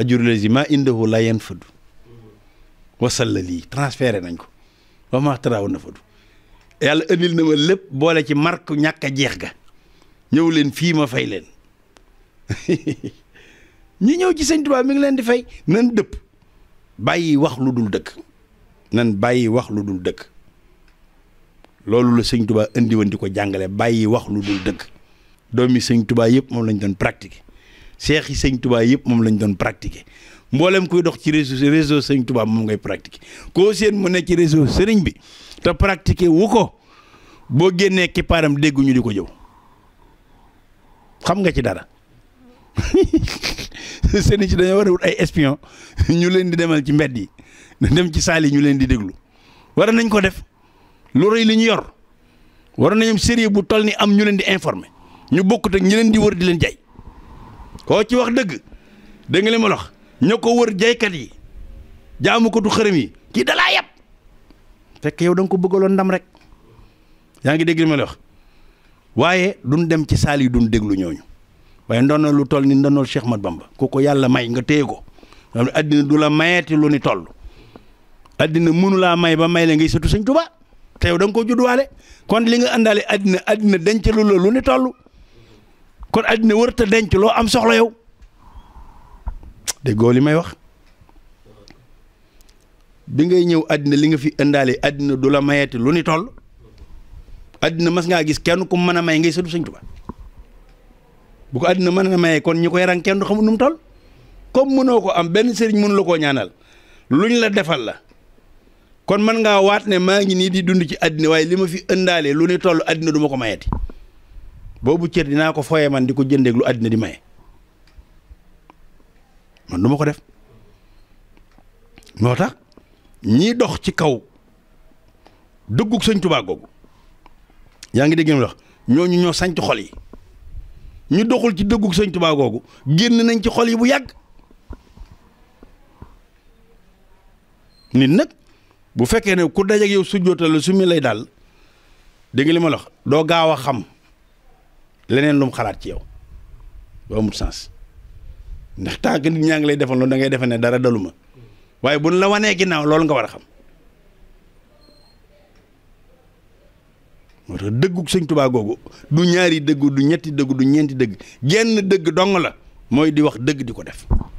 ajru lazi maa indahu laa yanfadu wasal la lii transféré nañ ko wa maa taraaw na fadu yàlla indil na ma lépp boole ci marque ñàkk jeex ga ñëw leen fii ma fay leen ñi ñëw ci sëñ Tuubaa mi ngi leen di fay nan dëpp bàyyi wax lu dul dëkk nan bàyyi wax lu dul dëkk loolu la sëñ Tuubaa indi woon di ko jàngale bàyyi wax lu dul dëkk doomi sëñ Tuubaa yëpp moom lañ doon pratiquer seex yi sëñ Touba yëpp moom lañ doon pratiquer mbooleem kuy dox ci réseau réseau sëñ Touba moom ngay pratiquer koo seen mu nekk ci réseau sëriñ bi te pratiquer wu ko boo génnee kippaaram dégguñu di ko jëw xam nga ci dara sëriñ dañoo war ay espion ñu leen di demal ci mbedd yi dem ci saal yi ñu leen di déglu war nañ ko def lu rëy li ñu yor war nañu sérieux bu toll ni am ñu leen di informer ñu bokkut ak ñi leen di wër di leen jaay. koo ci wax dëgg dégg nga li ma wax ña ko wër jaykat yi jaamu ko du xërëm yi kii dalaa yàpp fekk yow da nga ko bëggaloon ndam rek yaa ngi dégg li ma waaye duñ dem ci saal yi duñ déglu ñooñu waaye ndono lu toll ni ndonol Cheikh Mat Bamba ku ko yàlla may nga téye ko xam ne addina du la mayeeti lu ni toll addina mënu may ba may la ngay sëtu Sëñ Tuubaa te yow da nga ko juddwaale kon li nga àndaale àddina addina denc lu la lu ni toll kon àddina wërta denc loo am soxla yow déggoo li may wax bi ngay ñëw àddina li nga fi indaale àddina du la mayeeti lu ni toll àddina mas ngaa gis kenn ku mën a may ngay sëtu Sëñ Tuubaa bu ko àddina man a maye kon ñi koy rang kenn du xamul nu mu toll comme mënoo ko am benn sëriñ mënu la koo ñaanal lu ñu la defal la kon mën ngaa waat ne maa ngi nii di dund ci àddina waaye li ma fi indaale lu ni toll àddina du ma ko mayeeti boobu cër dinaa ko foyee man di ko jëndeeg àddina di maye man duma ko def moo tax ñii dox ci kaw dëggug sëñ Tuubaa googu yaa ngi dégg wax ñooñu ñoo sañc xol yi ñu doxul ci dëggug sëñ Tuubaa googu génn nañ ci xol yi bu yàgg nit nag bu fekkee ne ku dajeeg yow su jootal su lay daal dégg nga li doo gaaw a xam. leneen lu xalaat ci yow doo amul sens ndax tant que nit ñaa ngi lay defal loolu da ngay defe ne dara daluma waaye buñ la wanee ginnaaw loolu nga war a xam moo tax dëggu sëñ Tuubaa googu du ñaari dëgg du ñetti dëgg du ñeenti dëgg genn dëgg dong la mooy di wax dëgg di ko def